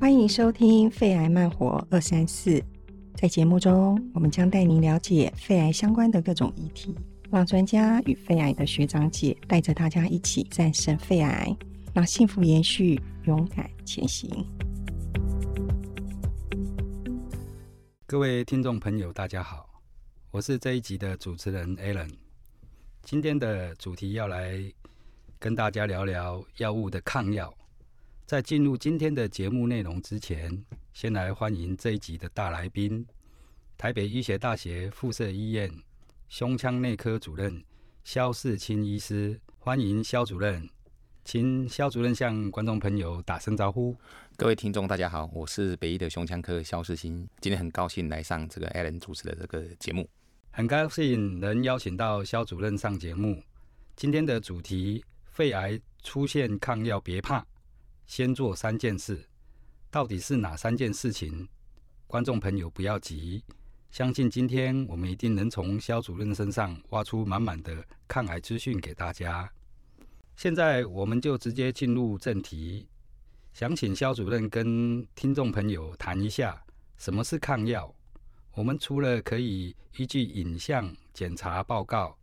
歡迎收聽《肺癌慢活二三四》。在節目中，我們將帶您了解肺癌相關的各種議題，讓專家與肺癌的學長姐帶着大家一起戰勝肺癌，讓幸福延續，勇敢前行。各位聽眾朋友，大家好，我是這一集的主持人 Alan。今天的主題要來跟大家聊聊藥物的抗藥。在進入今天的節目內容之前，先來歡迎這一集的大來賓——台北醫學大學附設醫院胸腔內科主任蕭世欣醫師。歡迎蕭主任，請蕭主任向觀眾朋友打聲招呼。各位聽眾，大家好，我是北醫的胸腔科蕭世欣，今天很高興來上這個 Alan 主持的這個節目。很高興能邀請到蕭主任上節目。今天的主題：肺癌出現抗藥，別怕。先做三件事，到底是哪三件事情？觀眾朋友不要急，相信今天我們一定能從蕭主任身上挖出滿滿的抗癌資訊給大家。現在我們就直接進入正題，想請蕭主任跟聽眾朋友談一下什麼是抗藥。我們除了可以依據影像檢查報告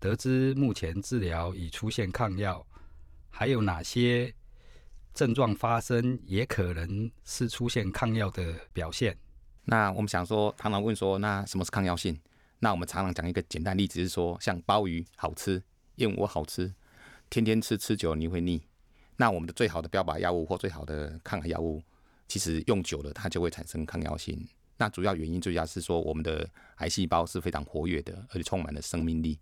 得知目前治療已出現抗藥，還有哪些？症狀發生也可能是出現抗藥的表現。那我們想說，常常問說，那什麼是抗藥性？那我們常常講一個簡單例子是說，像鮑魚好吃，燕窩好吃，天天吃吃久了你會膩。那我們的最好的標靶藥物或最好的抗癌藥物，其實用久了它就會產生抗藥性。那主要原因最主要是說，我們的癌細胞是非常活躍的，而且充滿了生命力，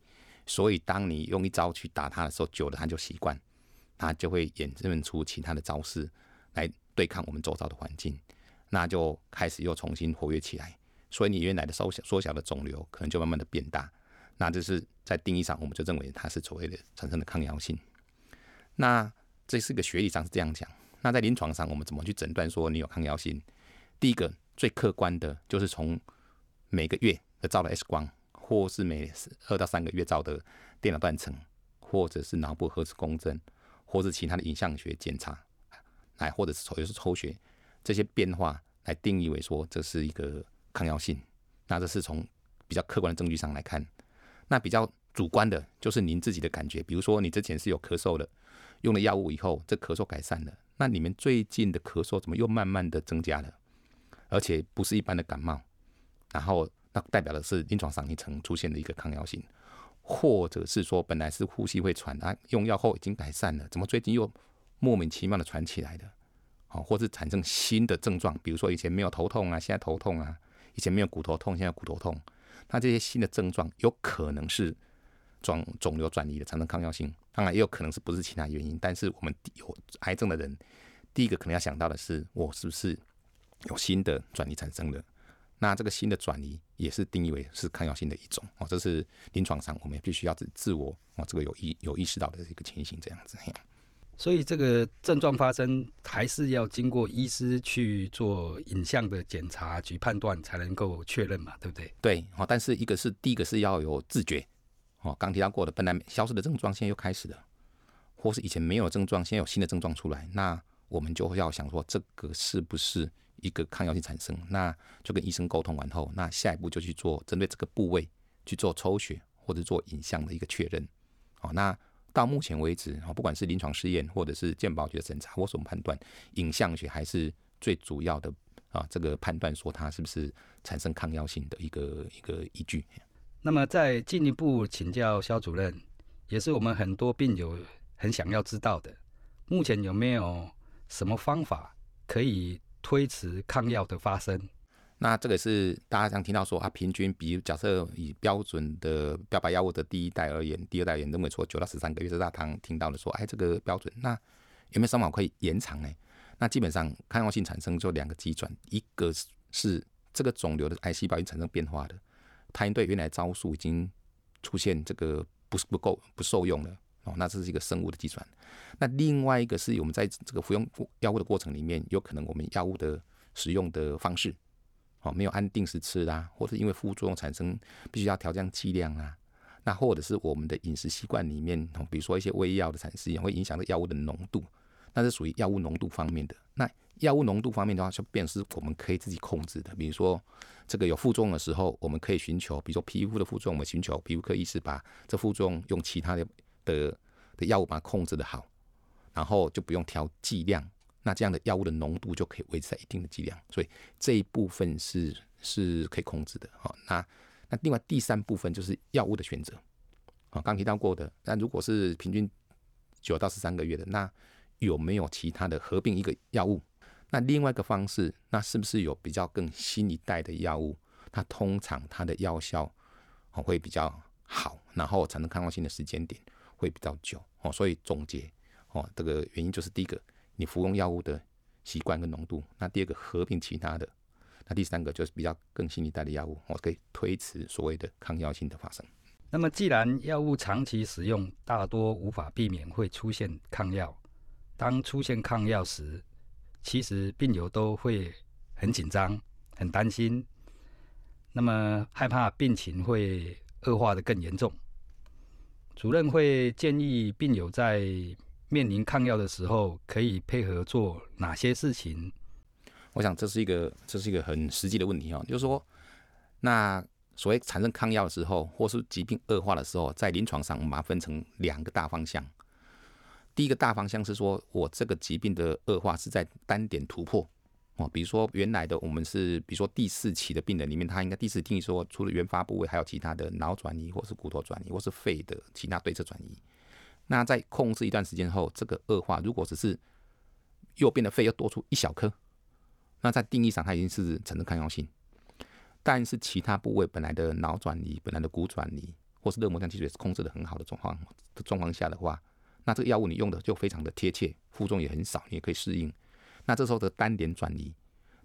所以當你用一招去打它的時候，久了它就習慣。它就會衍生出其他的招式來對抗我們周遭的環境，那就開始又重新活躍起來。所以你原來的縮小縮小的腫瘤，可能就慢慢的變大。那這是在定義上，我們就認為它是所謂的產生的抗藥性。那這是個學理上是這樣講。那在臨床上，我們怎麼去診斷說你有抗藥性？第一個最客觀的，就是從每個月的照的 X 光，或是每二到三個月照的電腦斷層，或者是腦部核磁共振。或者其他的影像學檢查，來或者是抽，又是抽血，這些變化來定義為說這是一個抗藥性。那這是從比較客觀的證據上來看。那比較主觀的就是您自己的感覺，比如說你之前是有咳嗽的，用了藥物以後這咳嗽改善了，那你們最近的咳嗽怎麼又慢慢的增加了？而且不是一般的感冒，然後那代表的是臨床上一層出現的一個抗藥性。或者是說，本來是呼吸會喘啊，用藥後已經改善了，怎麼最近又莫名其妙的喘起來的？啊、哦，或是產生新的症狀，比如說以前沒有頭痛啊，現在頭痛啊；以前沒有骨頭痛，現在骨頭痛。那這些新的症狀有可能是轉腫瘤轉移的，產生抗藥性，當然也有可能是不是其他原因。但是我們有癌症的人，第一個可能要想到的是，我是不是有新的轉移產生了？那這個新的轉移也是定義為是抗藥性的一種哦，這是臨床上我們也必須要自自我哦這個有意有意識到的一個情形這樣子。所以這個症狀發生還是要經過醫師去做影像的檢查及判斷才能夠確認嘛，對不對？對哦，但是一個是第一個是要有自覺哦，剛提到過的本來消失的症狀現在又開始了，或是以前沒有症狀，現在有新的症狀出來，那我們就要想說這個是不是？一個抗藥性產生，那就跟醫生溝通完後，那下一步就去做針對這個部位去做抽血或者做影像的一個確認。好、哦，那到目前為止，啊、哦，不管是臨床試驗或者是健保局的審查，我所判斷，影像學還是最主要的啊，這個判斷說它是不是產生抗藥性的一個一個依據。那麼再進一步請教蕭主任，也是我們很多病友很想要知道的，目前有沒有什麼方法可以？推遲抗藥的發生。嗯，那這個是大家常聽到說，啊，平均比，比如假設以標準的標靶藥物的第一代而言，第二代而言，認為說九到十三個月的大堂聽到了說，哎，這個標準，那有沒有什麼可以延長呢？那基本上抗藥性產生就兩個機轉，一個是這個腫瘤的癌細胞已經產生變化了，它應對原來的招數已經出現這個不是不夠，不受用了。哦，那這是一個生物的計算。那另外一個是我們在這個服用藥物的過程裡面，有可能我們藥物的使用的方式，哦，沒有按定時吃啦，或者因為副作用產生必須要調降劑量啊。那或者是我們的飲食習慣裡面，比如說一些胃藥的產生也會影響到藥物的濃度，那是屬於藥物濃度方面的。那藥物濃度方面的話，就變成是我們可以自己控制的。比如說這個有副作用的時候，我們可以尋求，比如說皮膚的副作用，我們尋求皮膚科醫師把這副作用用其他的。的的藥物把它控制得好，然後就不用調劑量，那這樣的藥物的濃度就可以維持在一定的劑量，所以這一部分是是可以控制的。好，那那另外第三部分就是藥物的選擇，啊，剛提到過的。那如果是平均九到十三個月的，那有沒有其他的合併一個藥物？那另外一個方式，那是不是有比較更新一代的藥物？它通常它的藥效會比較好，然後才能看到新的時間點。會比較久哦，所以總結哦，這個原因就是第一個，你服用藥物的習慣跟濃度；那第二個，合併其他的；那第三個就是比較更新一代的藥物，我可以推遲所謂的抗藥性的發生。那麼，既然藥物長期使用，大多無法避免會出現抗藥。當出現抗藥時，其實病友都會很緊張、很擔心，那麼害怕病情會惡化的更嚴重。主任會建議病友在面臨抗藥的時候，可以配合做哪些事情？我想這是一個這是一個很實際的問題啊、哦，就是說，那所謂產生抗藥的時候，或是疾病惡化的時候，在臨床上我們把它分成兩個大方向。第一個大方向是說，我這個疾病的惡化是在單點突破。哦，比如說原來的我們是，比如說第四期的病人裡面，他應該第四期定義說，除了原發部位，還有其他的腦轉移，或是骨頭轉移，或是肺的其他對側轉移。那在控制一段時間後，這個惡化如果只是右邊的肺又多出一小顆，那在定義上它已經是產生抗藥性。但是其他部位本來的腦轉移、本來的骨轉移或是肋膜腔積水是控制的很好的狀況的狀況下的話，那這個藥物你用的就非常的貼切，副作用也很少，你也可以適應。那這時候的單點轉移，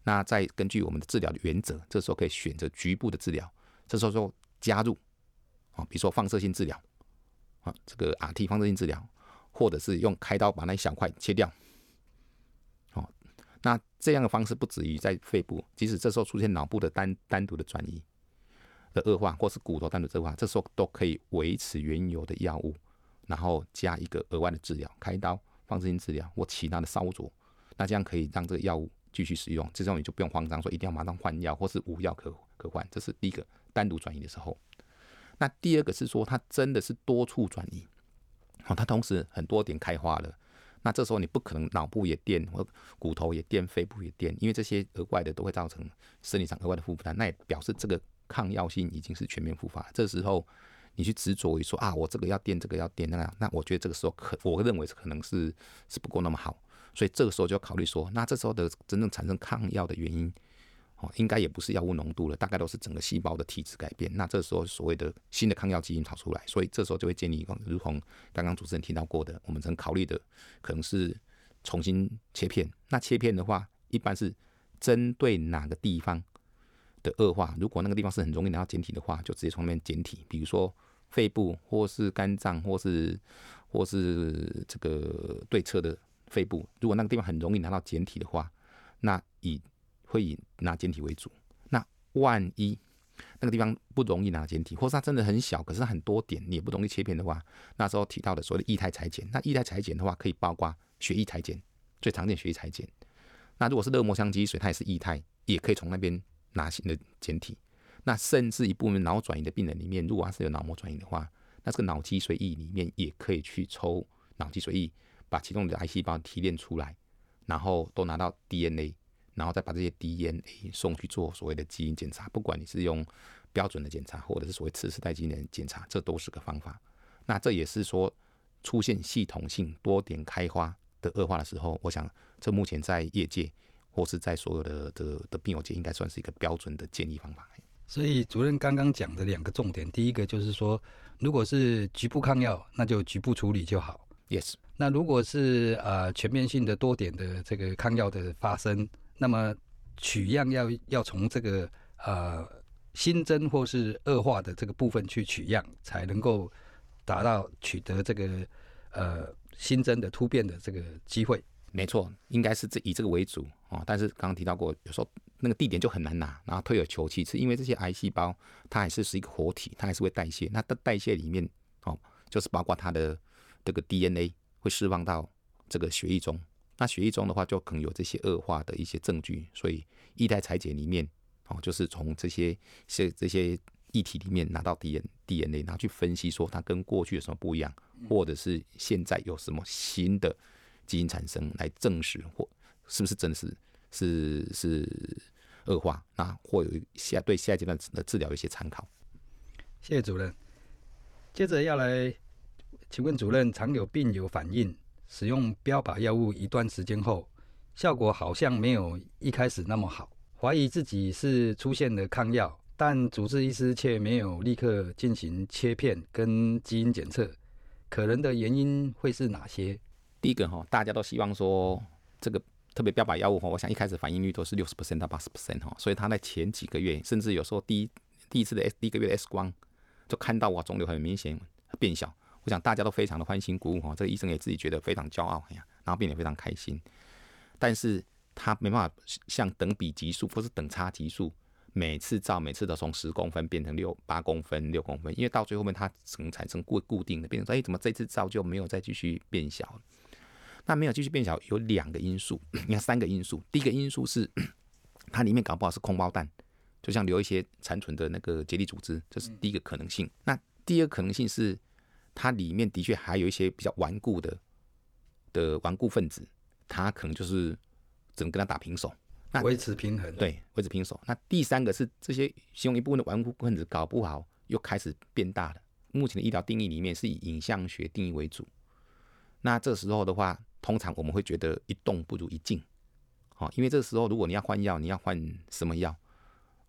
那再根據我們的治療的原則，這時候可以選擇局部的治療。這時候就加入，啊，比如說放射性治療，啊，這個 RT 放射性治療，或者是用開刀把那一小塊切掉。好，那這樣的方式不止於在肺部，即使這時候出現腦部的單單獨的轉移的惡化，或是骨頭單獨惡化，這時候都可以維持原有的藥物，然後加一個額外的治療，開刀、放射性治療或其他的燒灼。那這樣可以讓這個藥物繼續使用，這時候你就不用慌張，說一定要馬上換藥，或是無藥可可換。這是第一個單獨轉移的時候。那第二個是說，它真的是多處轉移，哦，它同時很多點開花了。那這時候你不可能腦部也電，或骨頭也電，肺部也電，因為這些額外的都會造成生理上額外的負擔。那也表示這個抗藥性已經是全面復發。這時候你去執着於說啊，我這個要電，這個要電，那、啊、那我覺得這個時候可，我認為是可能是是不夠那麼好。所以這個時候就要考慮說，那這時候的真正產生抗藥的原因，哦，應該也不是藥物濃度了，大概都是整個細胞的體質改變。那這時候所謂的新的抗藥基因跑出來，所以這時候就會建立一個，如同剛剛主持人提到過的，我們曾考慮的可能是重新切片。那切片的話，一般是針對哪個地方的惡化？如果那個地方是很容易拿到檢體的話，就直接從那邊檢體，比如說肺部，或是肝臟，或是或是這個對側的。肺部，如果那個地方很容易拿到檢體的話，那以會以拿檢體為主。那萬一那個地方不容易拿檢體，或是它真的很小，可是它很多點，你也不容易切片的話，那時候提到的所謂的液態採檢，那液態採檢的話可以包括血液採檢，最常見血液採檢。那如果是肋膜腔積水，它也是液態，也可以從那邊拿新的檢體。那甚至一部分腦轉移的病人裡面，如果他是有腦膜轉移的話，那這個腦脊髓液裡面也可以去抽腦脊髓液。把其中的癌細胞提煉出來，然後都拿到 DNA，然後再把這些 DNA 送去做所謂的基因檢查。不管你是用標準的檢查，或者是所謂次世代基因的檢查，這都是個方法。那這也是說，出現系統性多點開花的惡化的時候，我想這目前在業界或是在所有的的的病友界，應該算是一個標準的建議方法。所以主任剛剛講的兩個重點，第一個就是說，如果是局部抗藥，那就局部處理就好。yes，那如果是呃全面性的多點的這個抗藥的發生，那麼取樣要要從這個呃新增或是惡化的這個部分去取樣，才能夠達到取得這個呃新增的突變的這個機會。沒錯，應該是這以這個為主哦，但是剛剛提到過，有時候那個地點就很難拿，然後退而求其次，是因為這些癌細胞它還是是一個活體，它還是會代謝。那它代謝裡面哦，就是包括它的。這個 DNA 會釋放到這個血液中，那血液中的話就可能有這些惡化的一些證據，所以液態採檢裡面，哦，就是從這些這些液體裡面拿到 DNA，DNA 然後去分析，說它跟過去有什麼不一樣，或者是現在有什麼新的基因產生，來證實或是不是真實是，是是是惡化，那或有下對下階段的治療一些參考。謝謝主任，接着要來。請問主任，常有病友反映，使用標靶藥物一段時間後，效果好像沒有一開始那麼好，懷疑自己是出現了抗藥，但主治醫師卻沒有立刻進行切片跟基因檢測，可能的原因會是哪些？第一個哈，大家都希望說這個特別標靶藥物哈，我想一開始反應率都是六十 percent 到八十 percent 哈，所以他在前幾個月，甚至有時候第一第一次的第一個月的 X 光就看到哇，腫瘤很明顯變小。我想大家都非常的歡欣鼓舞哈，這個醫生也自己覺得非常驕傲，呀，然後變得非常開心。但是他沒辦法像等比級數，或是等差級數，每次照每次都從十公分變成六八公分、六公分，因為到最後面它可能產生固固定的，變成說哎怎麼這次照就沒有再繼續變小？那沒有繼續變小，有兩個因素，你看三個因素。第一個因素是它裡面搞不好是空包彈，就像留一些殘存的那個結締組織，這、就是第一個可能性。嗯、那第二個可能性是。它裡面的確還有一些比較頑固的的頑固分子，他可能就是只能跟他打平手，那維持平衡。對，維持平手。那第三個是這些其中一部分的頑固分子搞不好又開始變大了。目前的醫療定義裡面是以影像學定義為主，那這時候的話，通常我們會覺得一動不如一靜，哦，因為這時候如果你要換藥，你要換什麼藥？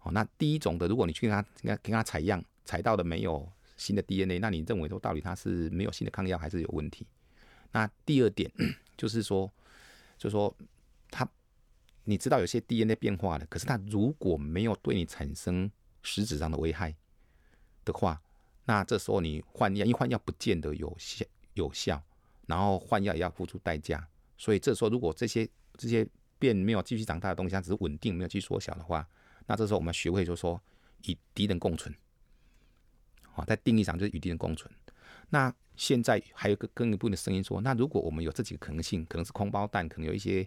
哦，那第一種的，如果你去給他、給他採樣，採到的沒有。新的 DNA，那你認為說到底它是沒有新的抗藥還是有問題？那第二點就是說，就是說它，你知道有些 DNA 變化了，可是它如果沒有對你產生實質上的危害的話，那這時候你換藥，因為換藥不見得有效有效，然後換藥也要付出代價。所以這時候如果這些這些變沒有繼續長大的東西，它只是穩定沒有去縮小的話，那這時候我們學會就是說與敵人共存。啊，在定義上就是一定的共存。那現在還有個更一步的聲音說，那如果我們有這幾個可能性，可能是空包彈，可能有一些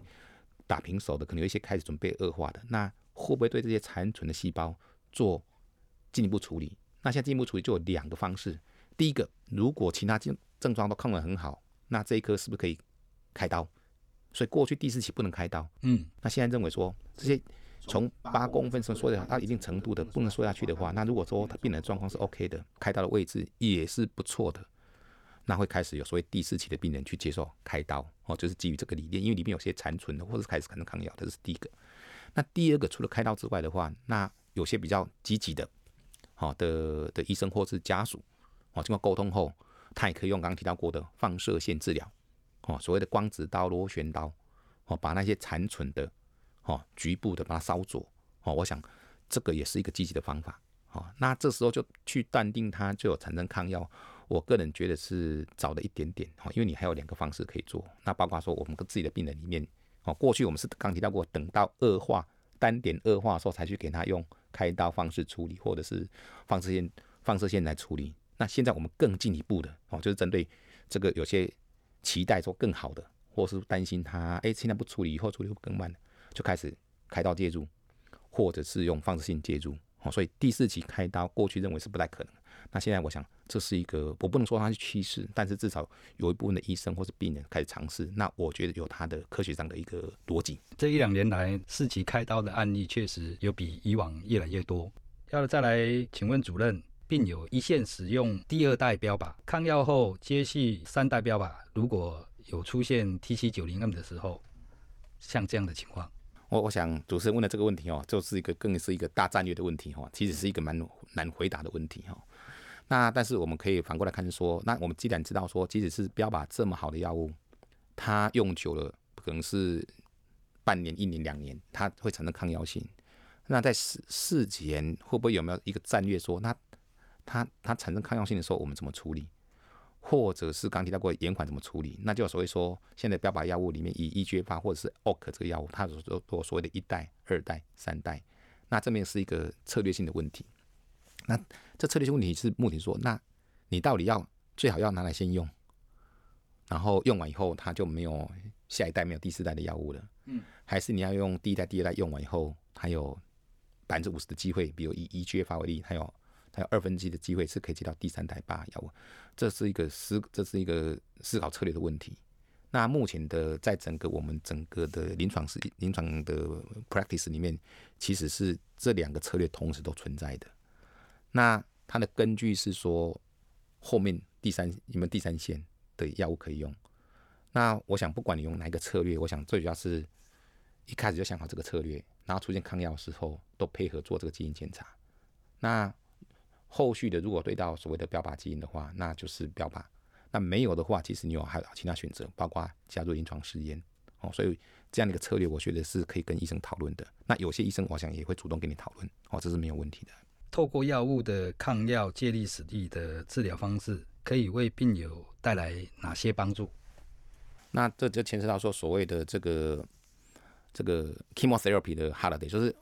打平手的，可能有一些開始準備惡化的，那會不會對這些殘存的細胞做進一步處理？那現在進一步處理就有兩個方式。第一個，如果其他症狀都控得很好，那這一顆是不是可以開刀？所以過去第四期不能開刀。嗯，那現在認為說這些。從八公分縮到一定程度的不能縮下去的話，那如果說他病人狀況是 OK 的，開刀的位置也是不錯的，那會開始有所謂第四期的病人去接受開刀哦，就是基於這個理念，因為裡面有些殘存的或者開始可能抗藥，這是第一個。那第二個，除了開刀之外的話，那有些比較積極的好、哦、的的醫生或是家屬哦，經過溝通後，他也可以用剛剛提到過的放射線治療哦，所謂的光子刀、螺旋刀哦，把那些殘存的。哦，局部的把它燒灼，哦，我想這個也是一個積極的方法。哦，那這時候就去斷定它就有產生抗藥。我個人覺得是早了一點點。哦，因為你還有兩個方式可以做，那包括說我們跟自己的病人裡面，哦，過去我們是剛提到過，等到惡化、單點惡化的時候才去給他用開刀方式處理，或者是放射線、放射線來處理。那現在我們更進一步的，哦，就是針對這個有些期待說更好的，或是擔心他，哎，現在不處理，以後處理會更慢的。就開始開刀介入，或者是用放射性介入，哦，所以第四期開刀過去認為是不太可能。那現在我想這是一個，我不能說它是趨勢，但是至少有一部分的醫生或是病人開始嘗試。那我覺得有它的科學上的一個邏輯。這一兩年來，四期開刀的案例確實有比以往越來越多。要再來請問主任，病友一線使用第二代標靶抗藥後，接續三代標靶，如果有出現 T790M 的時候，像這樣的情況。我我想，主持人問的這個問題哦，就是一個更是一個大戰略的問題哦，其實是一個蠻難回答的問題哦。那但是我們可以反過來看說，那我們既然知道說，即使是標靶這麼好的藥物，它用久了可能是半年、一年、兩年，它會產生抗藥性。那在事事前，會不會有沒有一個戰略說，那它它產生抗藥性的時候，我們怎麼處理？或者是剛提到過延緩怎麼處理，那就所謂說，現在標靶藥物裡面以 EGF 或者是 o 克這個藥物，它所所所謂的一代、二代、三代，那這面是一個策略性的問題。那這策略性問題是目的說，那你到底要最好要拿來先用，然後用完以後它就沒有下一代沒有第四代的藥物了，嗯，還是你要用第一代、第二代用完以後還有百分之五十的機會，比如以 EGF 為例，還有。還有二分之一的機會是可以接到第三代藥物，這是一個思，這是一個思考策略的問題。那目前的在整個我們整個的臨床是臨床的 practice 裡面，其實是這兩個策略同時都存在的。那它的根據是說後面第三你們第三線的藥物可以用。那我想不管你用哪一個策略，我想最主要是一開始就想好這個策略，然後出現抗藥的時候都配合做這個基因檢查。那後續的，如果對到所謂的標靶基因的話，那就是標靶；那沒有的話，其實你有還有其他選擇，包括加入臨床試驗。哦，所以這樣的一個策略，我覺得是可以跟醫生討論的。那有些醫生我想也會主動跟你討論。哦，這是沒有問題的。透過藥物的抗藥借力使力的治療方式，可以為病友帶來哪些幫助？那這就牽扯到說所謂的這個這個 chemotherapy 的 holiday，就是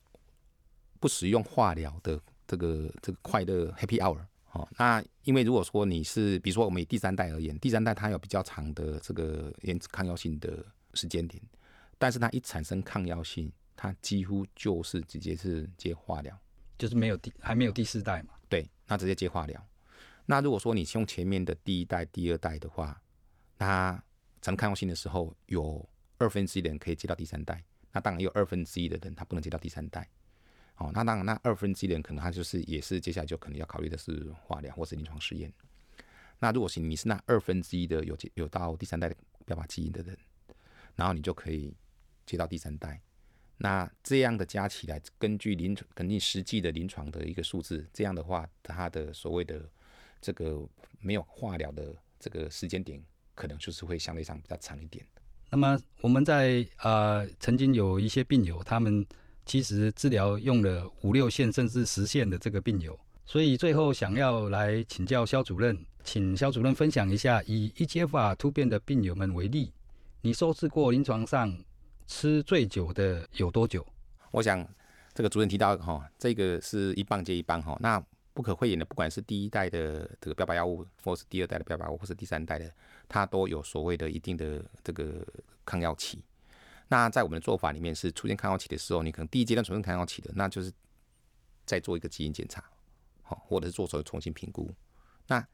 不使用化療的。這個這個快樂 Happy Hour 哦，那因為如果說你是，比如說我們以第三代而言，第三代它有比較長的這個延抗藥性的時間點，但是它一產生抗藥性，它幾乎就是直接是接化療，就是沒有第還沒有第四代嘛？對，那直接接化療。那如果說你用前面的第一代、第二代的話，那產生抗藥性的時候，有二分之一的人可以接到第三代，那當然也有二分之一的人他不能接到第三代。哦，那當然，那二分之一的人可能他就是也是接下來就可能要考慮的是化療或是臨床試驗。那如果行，你是那二分之一的有有到第三代的標靶基因的人，然後你就可以接到第三代。那這樣的加起來，根據臨床，根據實際的臨床的一個數字，這樣的話，它的所謂的這個沒有化療的這個時間點，可能就是會相對上比較長一點。那麼我們在呃曾經有一些病友，他們。其實治療用了五六線甚至十線的這個病友，所以最後想要來請教蕭主任，請蕭主任分享一下，以 EGFR 突變的病友們為例，你收治過臨床上吃最久的有多久？我想這個主任提到哈、哦，這個是一棒接一棒哈、哦，那不可諱言的，不管是第一代的這個標靶藥物，或是第二代的標靶物，或是第三代的，它都有所謂的一定的這個抗藥期。那在我們的做法裡面，是出現抗藥期的時候，你可能第一階段出現抗藥期的，那就是再做一個基因檢查，好，或者是做時重新評估。那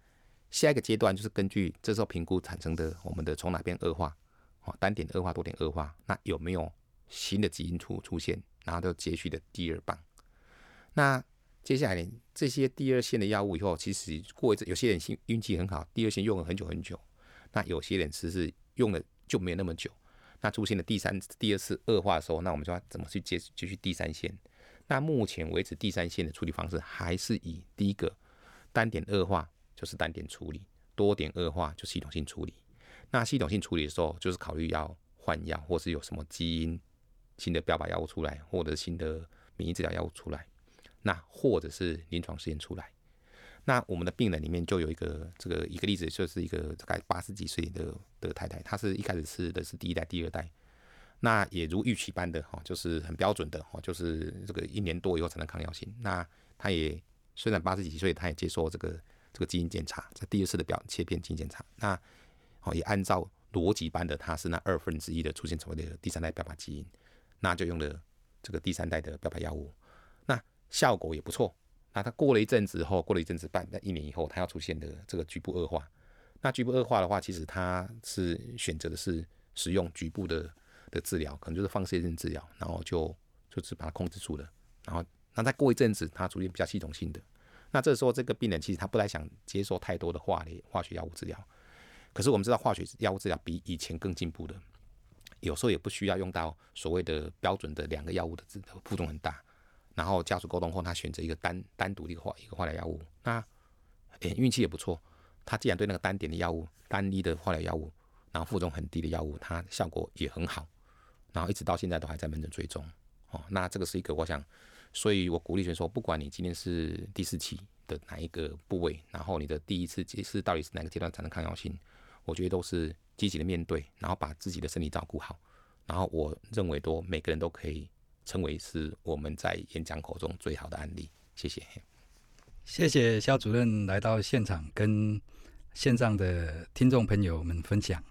下一個階段就是根據這時候評估產生的，我們的從哪邊惡化，哦，單點惡化、多點惡化，那有沒有新的基因出出現，然後就接續的第二棒。那接下來呢，這些第二線的藥物以後，其實過一次有些人是運氣很好，第二線用了很久很久，那有些人其實用了就沒有那麼久。那出現了第三、第二次惡化的時候，那我們就要怎麼去接，繼續第三線？那目前為止，第三線的處理方式還是以第一個單點惡化就是單點處理，多點惡化就是系統性處理。那系統性處理的時候，就是考慮要換藥，或是有什麼基因新的標靶藥物出來，或者新的免疫治療藥物出來，那或者是臨床試驗出來。那我們的病人裡面就有一個這個一個例子，就是一個大概八十幾歲的的太太，她是一開始吃的是第一代、第二代，那也如預期般的哈，就是很標準的哈，就是這個一年多以後才能抗藥性。那她也雖然八十幾歲，她也接受這個這個基因檢查，在第二次的表切片基因檢查，那哦也按照邏輯般的，她是那二分之一的出現所謂的第三代標靶基因，那就用了這個第三代的標靶藥物，那效果也不錯。那他過了一陣子後，過了一陣子半，那一年以後，他要出現的這個局部惡化。那局部惡化的話，其實他是選擇的是使用局部的的治療，可能就是放射性治療，然後就就只把它控制住了。然後，那再過一陣子，他逐漸比較系統性的。那這時候，這個病人其實他不太想接受太多的化療、化學藥物治療。可是我們知道，化學藥物治療比以前更進步的，有時候也不需要用到所謂的標準的兩個藥物的治療，副作用很大。然後家屬溝通後，他選擇一個單單獨的一個化一個化療藥物。那、欸、運氣也不錯，他既然對那個單點的藥物，單一的化療藥物，然後副作用很低的藥物，它效果也很好。然後一直到現在都還在門診追蹤。哦，那這個是一個，我想，所以我鼓勵說，不管你今天是第四期的哪一個部位，然後你的第一次、第四到底是哪個階段產生抗藥性，我覺得都是積極的面對，然後把自己的身體照顧好，然後我認為多每個人都可以成為是我們在演講口中最好的案例，謝謝。謝謝蕭主任來到現場，跟線上的聽眾朋友們分享，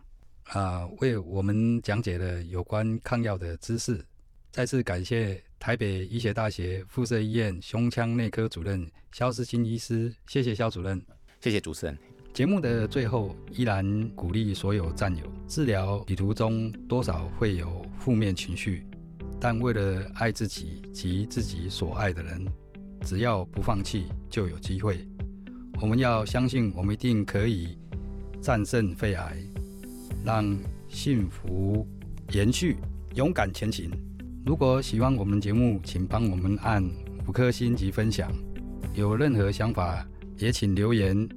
啊、呃，為我們講解了有關抗藥的知識。再次感謝台北醫學大學附設醫院胸腔內科主任蕭世欣醫師，謝謝蕭主任，謝謝主持人。節目的最後，依然鼓勵所有戰友，治療旅途中多少會有負面情緒。但為了愛自己及自己所愛的人，只要不放棄，就有機會。我們要相信，我們一定可以戰勝肺癌，讓幸福延續，勇敢前行。如果喜歡我們節目，請幫我們按五顆星及分享。有任何想法，也請留言。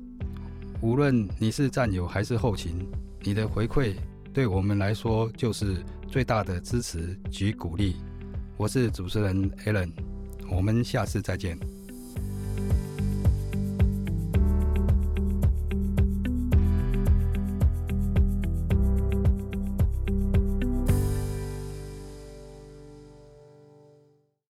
無論你是戰友還是後勤，你的回饋。對我們來說，就是最大的支持及鼓勵。我是主持人 Alan，我們下次再見。